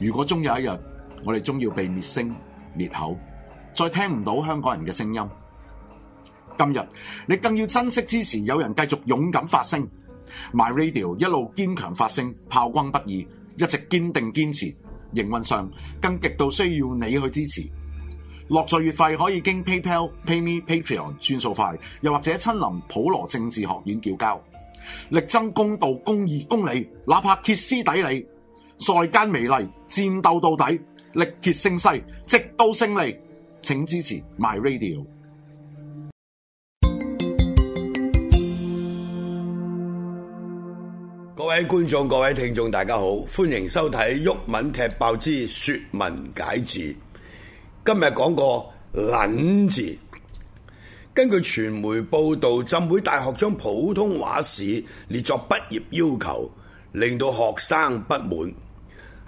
如果終有一日，我哋終要被滅聲滅口，再聽唔到香港人嘅聲音。今日你更要珍惜支持有人繼續勇敢發聲，My Radio 一路堅強發聲，炮轟不已，一直堅定堅持。營運上更極度需要你去支持。落座月費可以經 PayPal、PayMe、Patreon 轉數快，又或者親臨普羅政治學院叫交，力爭公道、公義、公理，公理哪怕歇斯底里。在間美麗，戰鬥到底，力竭聲勢，直到勝利，請支持 My Radio。各位觀眾、各位聽眾，大家好，歡迎收睇《毓民踢爆之說文解字》。今日講個“撚”字，根據傳媒報道，浸會大學將普通話史列作畢業要求，令到學生不滿。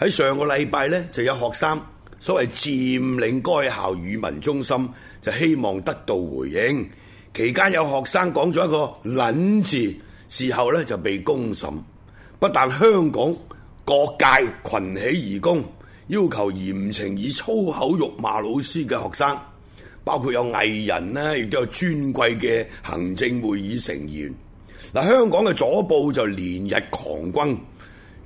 喺上個禮拜咧，就有學生所謂占領該校語文中心，就希望得到回應。期間有學生講咗一個撚字，事後咧就被公審。不但香港各界群起而攻，要求嚴懲以粗口辱罵老師嘅學生，包括有藝人呢，亦都有尊貴嘅行政會議成員。嗱，香港嘅左報就連日狂轟，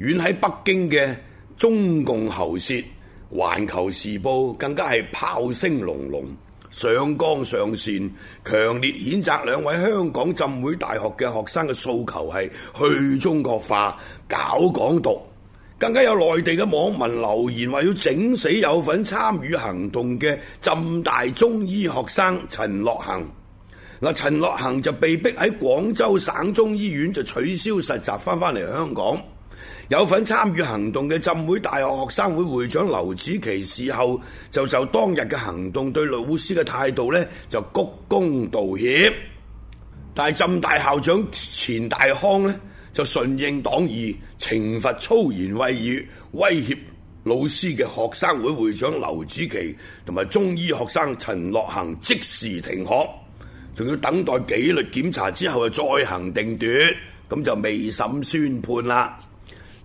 遠喺北京嘅，中共喉舌《環球時報》更加係炮聲隆隆，上綱上線，強烈譴責兩位香港浸會大學嘅學生嘅訴求係去中國化、搞港獨。更加有內地嘅網民留言話要整死有份參與行動嘅浸大中醫學生陳樂恒。嗱，陳樂恒就被逼喺廣州省中醫院就取消實習，翻返嚟香港。有份參與行動嘅浸會大學學生會會長劉子琪事後就就當日嘅行動對老師嘅態度呢，就鞠躬道歉，但係浸大校長錢大康呢，就順應黨意，懲罰粗言穢語威脅老師嘅學生會會長劉子琪同埋中醫學生陳樂行即時停學，仲要等待紀律檢查之後再行定奪，咁就未審宣判啦。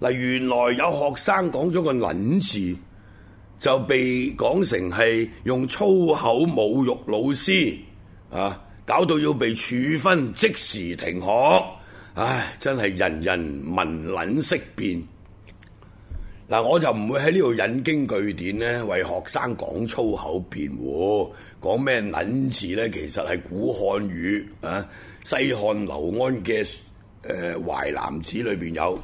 嗱，原來有學生講咗個撚字，就被講成係用粗口侮辱老師，啊，搞到要被處分、即時停學。唉、啊，真係人人聞撚色變。嗱、啊，我就唔會喺呢度引經據典呢，為學生講粗口辯護。講咩撚字呢？其實係古漢語啊，西漢留《西漢劉安嘅誒淮南子》裏邊有。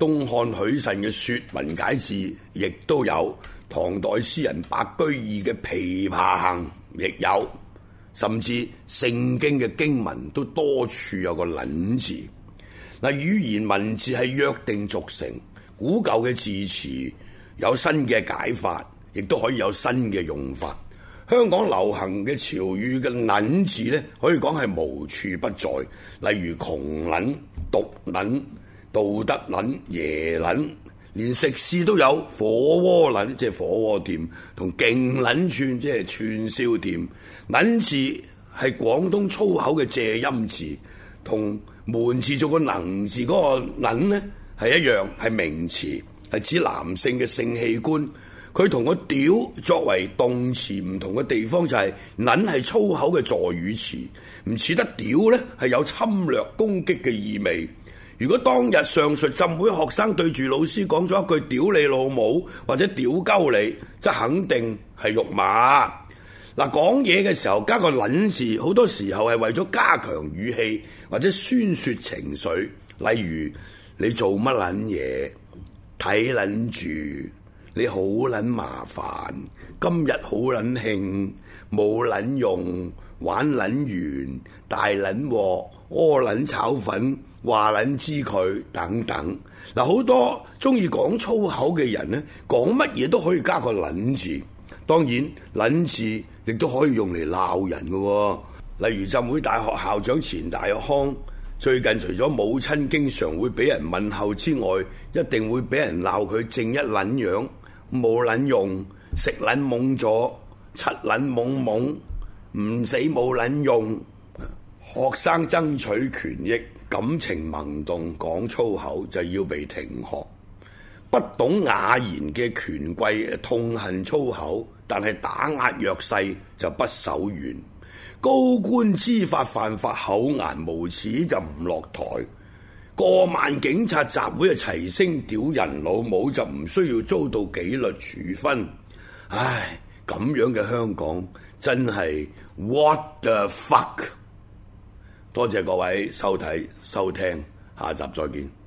東漢許慎嘅《說文解字》亦都有，唐代詩人白居易嘅《琵琶行》亦有，甚至聖經嘅經文都多處有個「撚」字。嗱，語言文字係約定俗成，古舊嘅字詞有新嘅解法，亦都可以有新嘅用法。香港流行嘅潮語嘅撚字咧，可以講係無處不在，例如窮撚、毒撚。道德撚、耶撚，連食肆都有火鍋撚，即係火鍋店同勁撚串，即係串燒店。撚字係廣東粗口嘅借音字，同門字做個能字嗰個撚呢係一樣，係名詞，係指男性嘅性器官。佢同個屌作為動詞唔同嘅地方就係撚係粗口嘅助語詞，唔似得屌呢係有侵略攻擊嘅意味。如果當日上述浸會學生對住老師講咗一句屌你老母或者屌鳩你，則肯定係辱罵。嗱，講嘢嘅時候加個撚字，好多時候係為咗加強語氣或者宣洩情緒，例如你做乜撚嘢？睇撚住？你好撚麻煩？今日好撚慶？冇撚用？玩撚完大撚鑊，屙撚炒粉，話撚知佢等等。嗱，好多中意講粗口嘅人咧，講乜嘢都可以加個撚字。當然，撚字亦都可以用嚟鬧人嘅。例如浸會大學校長錢大康，最近除咗母親經常會俾人問候之外，一定會俾人鬧佢正一撚樣，冇撚用，食撚懵咗，七撚懵懵。唔死冇撚用，學生爭取權益，感情萌動，講粗口就要被停學。不懂雅言嘅權貴痛恨粗口，但係打壓弱勢就不手軟。高官知法犯法，厚顏無恥就唔落台。過萬警察集會啊，齊聲屌人老母就唔需要遭到紀律處分。唉。咁樣嘅香港真係 what the fuck！多謝各位收睇收聽，下一集再見。